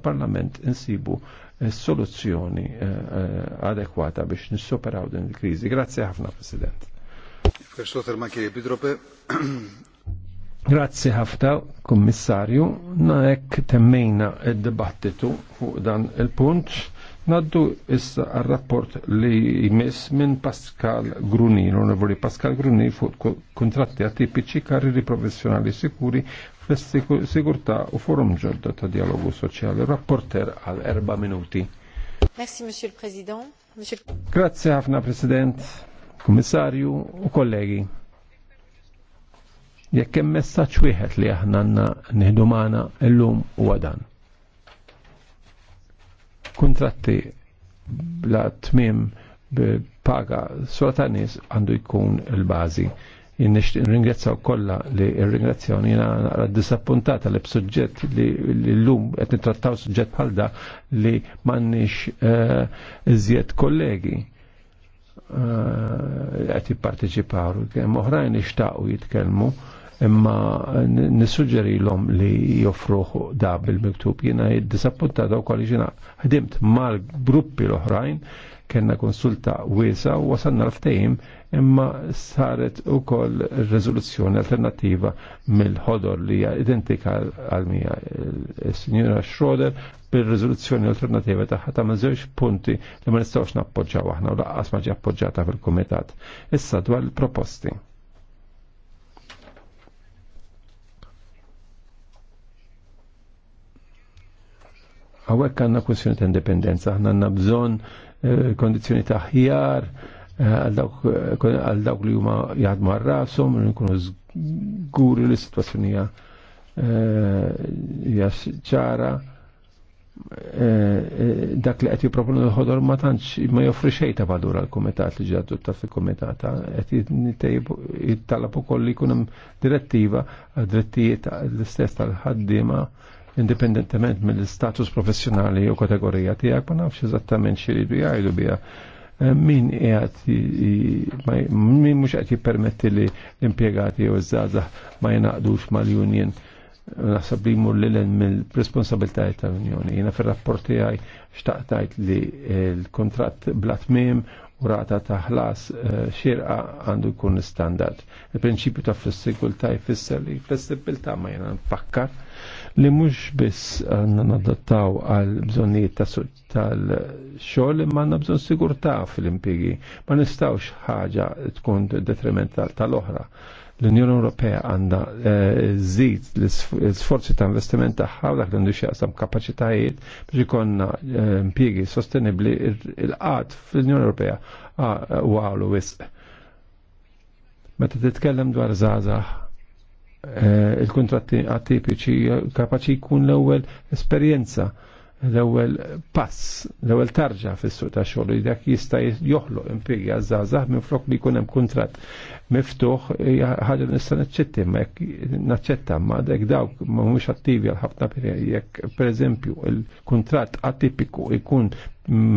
parlament insibu eh, soluzzjoni eh, eh, adekwata biex nissuperaw din il-krizi. Grazie ħafna, President. Grazie ħafna, Kommissarju. Naek temmejna id-dibattitu fuq dan il-punt. Naddu issa għal-rapport li jmiss minn Pascal Grunin, onorevoli Pascal Grunin fuq kontratti atipiċi karriri professjonali sikuri fl-sigurtà u forum ġodda ta' dialogu soċjali. Rapporter għal erba minuti. Merci, Monsieur le Président. Monsieur... Grazie ħafna, President, Kommissarju u kollegi. Jekk hemm messaġġ wieħed li aħna nieħdu l-lum u għadan kontratti la tmim paga sura ta' nies għandu jkun il-bażi. Ringrazzaw kolla li ringrazzjaw jina naqra disappuntata li b b'suġġett li l-lum nittrattaw suġġett suġġet bħalda li mannix eh, iżjed kollegi eh, qed jipparteċipaw. Hemm oħrajn li xtaqu jitkellmu imma nissuġġerilhom li joffruh da bil-miktub jiena jiddisappuntata disappuntat wkoll jiena ħdimt mal-gruppi l-oħrajn kena konsulta wiesa u wasanna l-ftejim imma saret u koll rezoluzzjoni alternativa mill-ħodor li hija identika għal-mija il eh, signora Schroeder bil-rezoluzzjoni alternativa taħħa ta' mażewġ punti li ma nistgħux nappoġġaw aħna u laqqas ma appoġġata fil-Kumitat. Issa dwar il-proposti. Għawek għanna kwestjoni ta' indipendenza, għanna għanna bżon eh, kondizjoni ta' ħjar eh, għal dawk li huma jgħadmu għar-rasom, nkunu żguri li situazzjoni eh, hija ċara. Dak li qed jipproponu l-ħodor ma tantx ma joffri xejn ta' valur għal kumitat li ġaddu ta' fil-kumitat qed jittalab ukoll li jkun hemm direttiva għad-drittijiet l-istess tal-ħaddiema indipendentement mill-status professjonali u kategorija tiegħek ma nafx eżattament xiridu jgħidu biha eh, min jgħat min mux qed jippermetti li l-impiegati u iż zazah ma jnaqdux mal-union naħseb li jmur l-len mill-responsabiltajiet tal-Unjoni. Jena fil-rapporti għaj xtaqtajt li l-kontrat blatmim u rata ħlas eh, xirqa għandu jkun standard. Il-prinċipju ta' flessibilta jfisser li flessibilta ma jena nfakkar li mhux biss nadattaw għal bżonnijiet tal-xogħol imma għandna bżonn sigurtà fil impigi Ma nistawx ħaġa tkun detrimental tal-oħra. L-Unjoni Ewropea għandha eh, żid l-sforzi ta' investiment ta' u dak għandu xieqsam kapaċitajiet biex ikonna eh, impiegi sostenibbli il qad fl-Unjoni Ewropea għu ah, eh, għalu wisq meta titkellem dwar żgħażagħ Eh, il-kontratti atipiċi kapaċi jkun l-ewwel esperjenza l-ewwel pass, l-ewwel tarġa fis-suq ta' xogħol dak jista' joħloq impjega żgħażagħ minn flok li jkun hemm kuntratt miftuħ ħaġa nista' naċċetti ma jekk naċċetta ma dak dawk ma attivi għal ħafna jekk pereżempju il-kuntratt atipiku jkun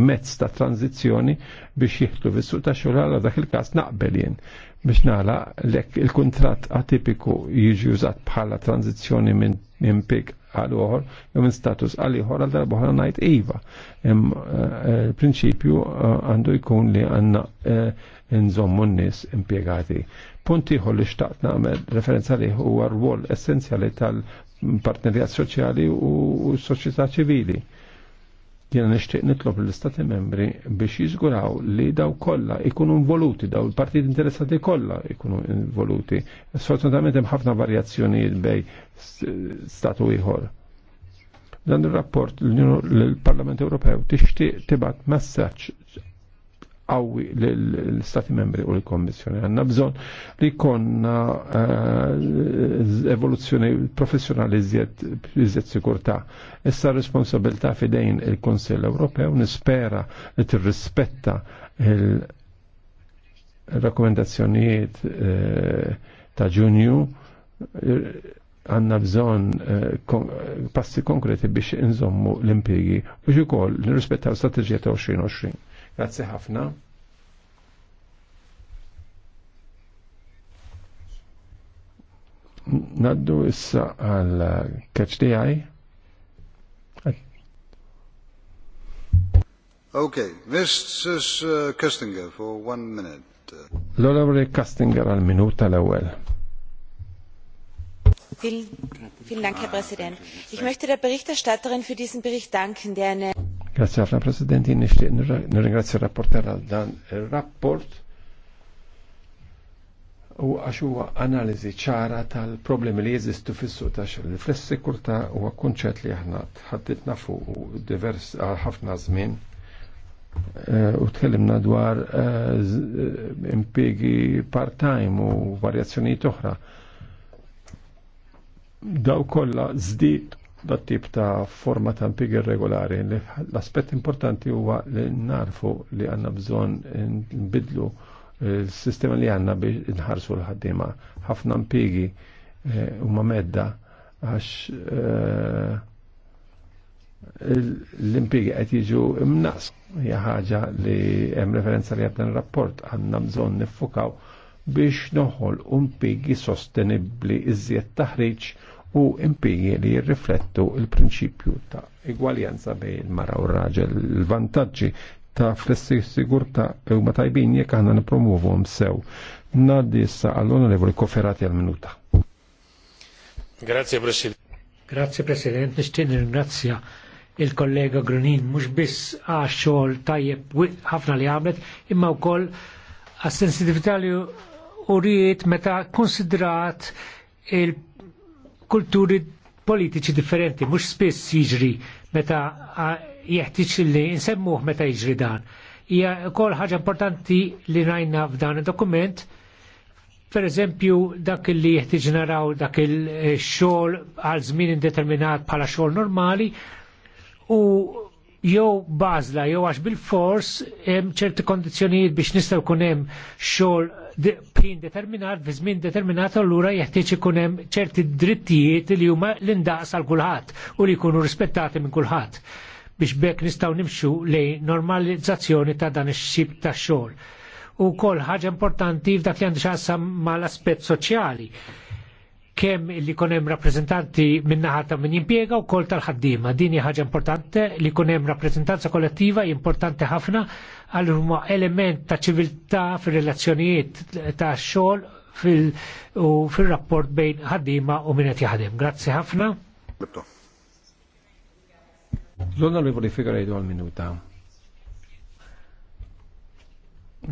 mezz ta' tranzizzjoni biex jieħdu fis-suq ta' xogħol għal dak il-każ naqbel jien biex nala lek il-kontrat atipiku jiġi użat bħala tranzizjoni minn impik għal uħor, jew minn status għal uħor għal darba ħana najt Iva. Eh, eh, il-prinċipju eh, għandu jkun li għanna nżommu n-nis impiegati. Punti ħol li xtaqt nagħmel referenza li huwa rwol essenzjali tal-partnerijat soċjali u s-soċjetà ċivili Jena nishtiq nitlob l-Istati membri biex jizguraw li daw kolla ikunu involuti, daw il-partit interessati kolla ikunu involuti. Sfortunatament hemm ħafna varjazzjonijiet bej statu ieħor. Dan ir rapport l-Parlament Ewropew tixtieq tibgħat messaġġ għawi l-Stati membri u l-Kommissjoni. Għanna bżon li konna eh, evoluzzjoni professjonali iżjed sikurta. Issa responsabilta fidejn il-Konsil Ewropew nispera li tirrispetta il-rakkomendazzjonijiet eh, ta' ġunju għanna bżon eh, passi konkreti biex inżommu l-impiegi u l-rispetta nirrispettaw strategija ta' 2020. Grazie ħafna. Naddu issa għal catch the eye. Okay, Mrs. Uh, Kastinger for one minute. l Kastinger al minuta l-ewwel. Vielen, vielen Dank, Herr Präsident. Ich möchte der Berichterstatterin für diesen Bericht danken, der eine Grazie għafna Presidenti, nishtiq nirringrazzja rapporter għal dan il-rapport u għax huwa analiżi ċara tal-problemi li jeżistu fis-suq ta' xogħol. Fl-sikurtà huwa kunċett li aħna tħaddidna fuq divers ħafna żmien eh, u tkellimna dwar eh, eh, impjegi part-time u varjazzjonijiet oħra. Daw kollha żdied dat tip ta' forma ta' impigi regolari. L-aspett importanti huwa li narfu li għanna bżon nbidlu l-sistema li għanna biex nħarsu l-ħaddima. ħafna eh, u ma' medda għax eh, l-impigi qed jiġu imnaqs. Hija ħaġa li hemm referenza li għabdan rapport għandna bżonn niffukaw biex noħol impigi sostenibbli iżjed taħriġ u impigi li jirriflettu il-prinċipju ta' igwaljanza bejn il-mara u raġel. Il-vantaġġi ta' flessi sigurta u ma tajbin jek għanna nipromuvu sew. Naddi għall-onorevoli koferati għal-minuta. Grazie Presidente. Grazie President, nishtin ringrazzja il-kollega Grunin mhux biss għaxol tajjeb ħafna li għamlet imma wkoll għas-sensitività li rrit meta konsidrat il- kulturi politiċi differenti, mhux spiss jiġri meta jeħtieġ li nsemmuħ meta jiġri dan. Hija kol ħaġa importanti li rajna f'dan id-dokument, per eżempju dak li jieħtiċ naraw dak il-xogħol għal żmien indeterminat bħala xogħol normali u jew bażla jew għax bil-fors hemm ċerti kondizzjonijiet biex nistgħu jkun hemm xogħol bħin determinat fi żmien determinat allura jeħtieġ ikun hemm ċerti drittijiet li huma l-indaqs għal kulħadd u li jkunu rispettati minn kulħadd biex bekk nistgħu nimxu lejn normalizzazzjoni ta' dan ix-xib tax-xogħol. U kol ħaġa importanti f'dak li għandi xassam mal-aspett soċjali kemm li kunem rappresentanti minnaħa ta' minn jimpiega u kol tal-ħaddima. Dini ħagġa importante li kunem rappresentanza kollettiva importanti ħafna għal huma element ta' ċiviltà fil-relazzjonijiet ta' xogħol fil-rapport fil bejn ħaddima u minnet qed jaħdem. Grazzi ħafna. L-onorevoli Figueiredo għal minuta.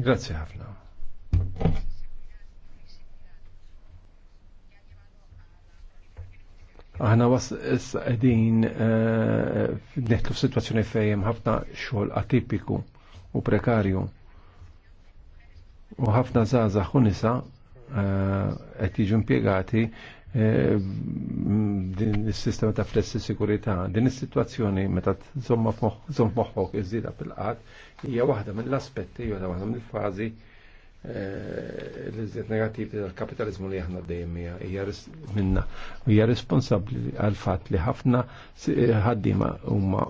Grazie, ħafna. Aħna was qegħdin eh, netlu f'sitwazzjoni fejn ħafna xogħol atipiku u prekarju. U ħafna żgħażagħ u nisa eh, qed jiġu impjegati eh, din is-sistema ta' flessi sikurità. Din is-sitwazzjoni meta tżomm moħħok iżida fil-qatt hija waħda mill-aspetti jew waħda mill-fażi Eh, l izziet negativi tal-kapitalizmu li aħna dejjem hija minna u hija responsabbli għal fatt li ħafna eh, ħaddiema huma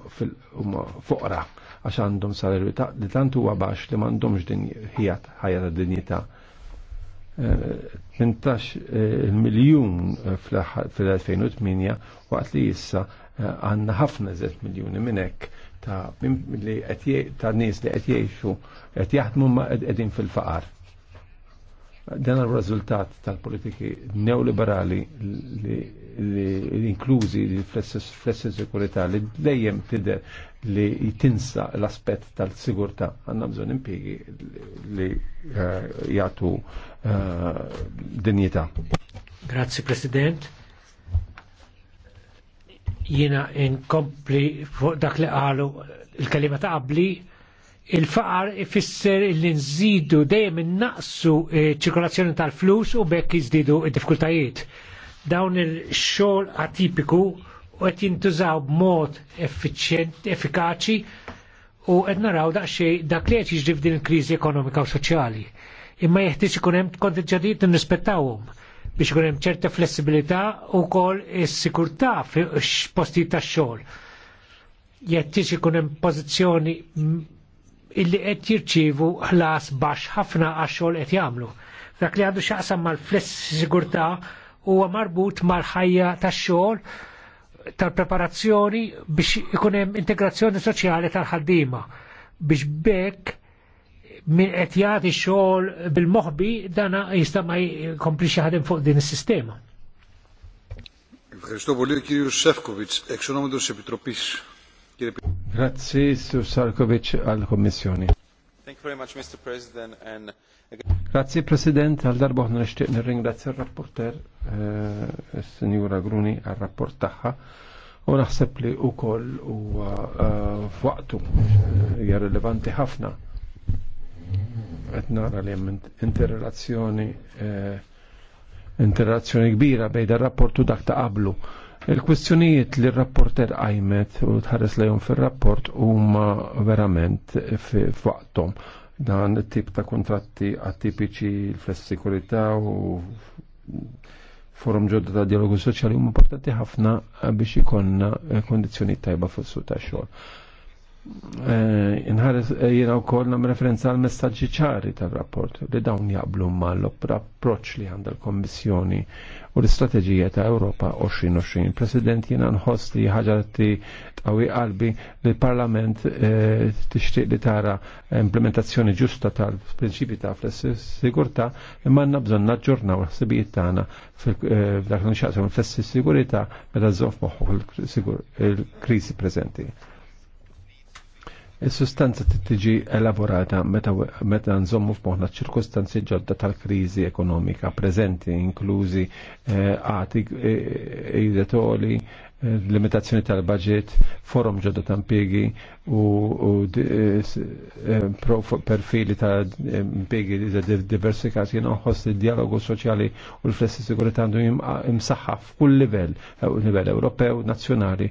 huma foqra għax għandhom salarju li tant huwa baxx li m'għandhomx din ħijat ħajja ta' dinjità. 18 eh, miljun fil-2008 waqt li issa għanna ħafna zet miljoni minn hekk ta' nies li qed jgħixu qed jaħdmu ma' qegħdin fil-faqar. Dan il-rezultat tal-politiki neoliberali li inklużi li flessi sekurita li dejjem tider li jitinsa l-aspett tal-sigurtà għandna bżonn impiegi li eh, jagħtu eh, dinjita. Grazie President. Jiena inkompli fuq dak li qalu il kalima ta' qabli il-faqar ifisser li nżidu dejjem innaqsu eh, ċirkolazzjoni tal-flus u bekk jiżdiedu id-diffikultajiet. Dawn il-xogħol atipiku u qed jintużaw b'mod effikaċi u qed naraw daqsxejn dak li qed jiġri f'din il-kriżi ekonomika u soċjali. Imma jeħtieġ ikun hemm kontinġadijiet nirrispettawhom biex ikun hemm ċerta flessibilità u wkoll is-sikurtà f'postijiet tax-xogħol. Jeħtieġ ikun hemm pożizzjoni illi qed jirċievu ħlas baxx ħafna għax-xogħol qed jagħmlu. Dak li għandu x'aqsam mal-fless sigurtà huwa marbut mal-ħajja tax-xogħol tal-preparazzjoni biex ikun hemm integrazzjoni soċjali tal-ħaddiema biex bekk min qed jagħti xogħol bil-moħbi dan jista' ma jkomplix ħadem fuq din is-sistema. Ευχαριστώ πολύ ο κύριος Σεύκοβιτς, εξ ονόματος Grazzi, Sir Sarkovic, għal-Kommissjoni. Thank you very much, Mr. President. And... Grazzi, President, għal-darba ħna nishtiq nirringrazzja il-rapporter, eh, Signora Gruni, għal-rapport taħħa. U naħseb li u koll u eh, f'waqtu eh, hija rilevanti ħafna. Qed nara li hemm interrelazzjoni eh, interrelazzjoni kbira bejn ir-rapport u dak ta' qablu Il-kwistjonijiet li r-rapporter għajmet u tħares lejhom fir-rapport huma verament f'waqthom dan it-tip ta' kontratti atipiċi l-flessikurità u forum ġodda ta' dialogu soċjali huma importanti ħafna biex ikonna kondizzjoni tajba fis-suq tax-xogħol. Eh, inħares eh, jina u koll nam referenza għal messagġi ċari tal-rapport li dawn jaqblu ma l-approċ li għandha l-Kommissjoni u l-Istrateġija ta' Europa 2020. President jina nħoss li ħagġarti tqawi qalbi li l-Parlament eh, tixtieq li tara implementazzjoni ġusta tal-prinċipi ta' flessi-sigurta imma għandna bżonn naġġornaw l-ħsibijiet tagħna f'dak li nxaqsu flessi-sigurita meta żof moħu il-krisi preżenti. Is-sustanza tiġi elaborata meta nżommu f'moħħna ċirkustanzi ġodda tal-kriżi ekonomika preżenti, inklużi għati eh, idetoli, eh, eh, limitazzjoni tal-budget, forum ġodda tampigi u perfili ta' diversikati diversifikati noħos il-dialogu soċjali u l-flessi sigurità għandu imsaħħaf kull livell, livell Ewropew, nazzjonali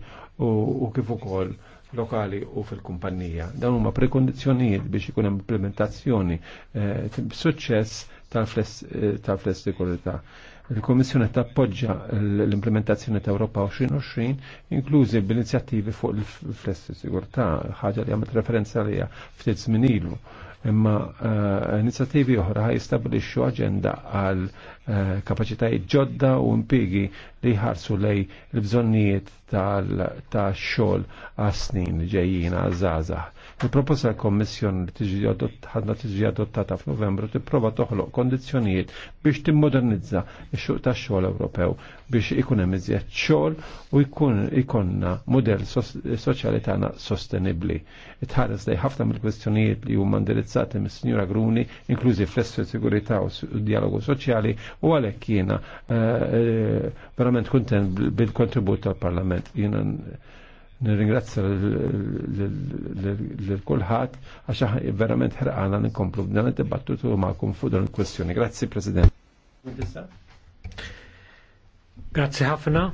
u kif ukoll lokali u fil-kumpanija. Dawn huma prekondizjonijiet biex ikun hemm implementazzjoni b'suċċess eh, tal-flessikurità. Eh, Il-Komissjoni tappoġġa l-implementazzjoni ta' Europa 2020, inklużi bl-inizjattivi fuq il-flessi sigurtà, ħaġa li għamet referenza li ftit żminilu. ilu imma eh, inizjattivi oħra jistabilixxu aġenda għal eh, kapaċitajiet ġodda u impigi li jħarsu lej il-bżonnijiet tal-xogħol għas snin ġejjin għaż-żgħażagħ. Il-proposta l-Kommissjoni li tiġi ħadna tiġi adottata f'Novembru tipprova toħloq kondizzjonijiet biex timmodernizza x-xuq tax-xogħol Ewropew biex ikun hemm iżjed xogħol u jkun ikonna modell soċjali tagħna sostenibbli. Itħares lej ħafna mill-kwestjonijiet li huma ndirizz indirizzati mis signora Gruni, inklużi flessi sigurità u dialogu soċjali, u għalhekk jiena eh, eh, verament kuntent bil-kontribut tal-Parlament. Jiena nirringrazzja l-kulħadd għax verament ħerqana ninkomplu b'dan id-dibattitu magħkom fuq dan il-kwestjoni. Grazzi President. Grazzi ħafna.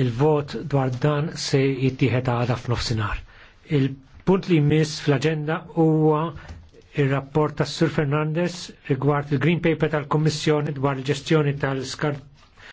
Il-vot dwar dan se jittieħed għada f'nofsinhar. Il Punt li miss fl-agenda huwa il-rapport tas Sur Fernandez rigward il-Green Paper tal-Kommissjoni dwar il-ġestjoni tal-skart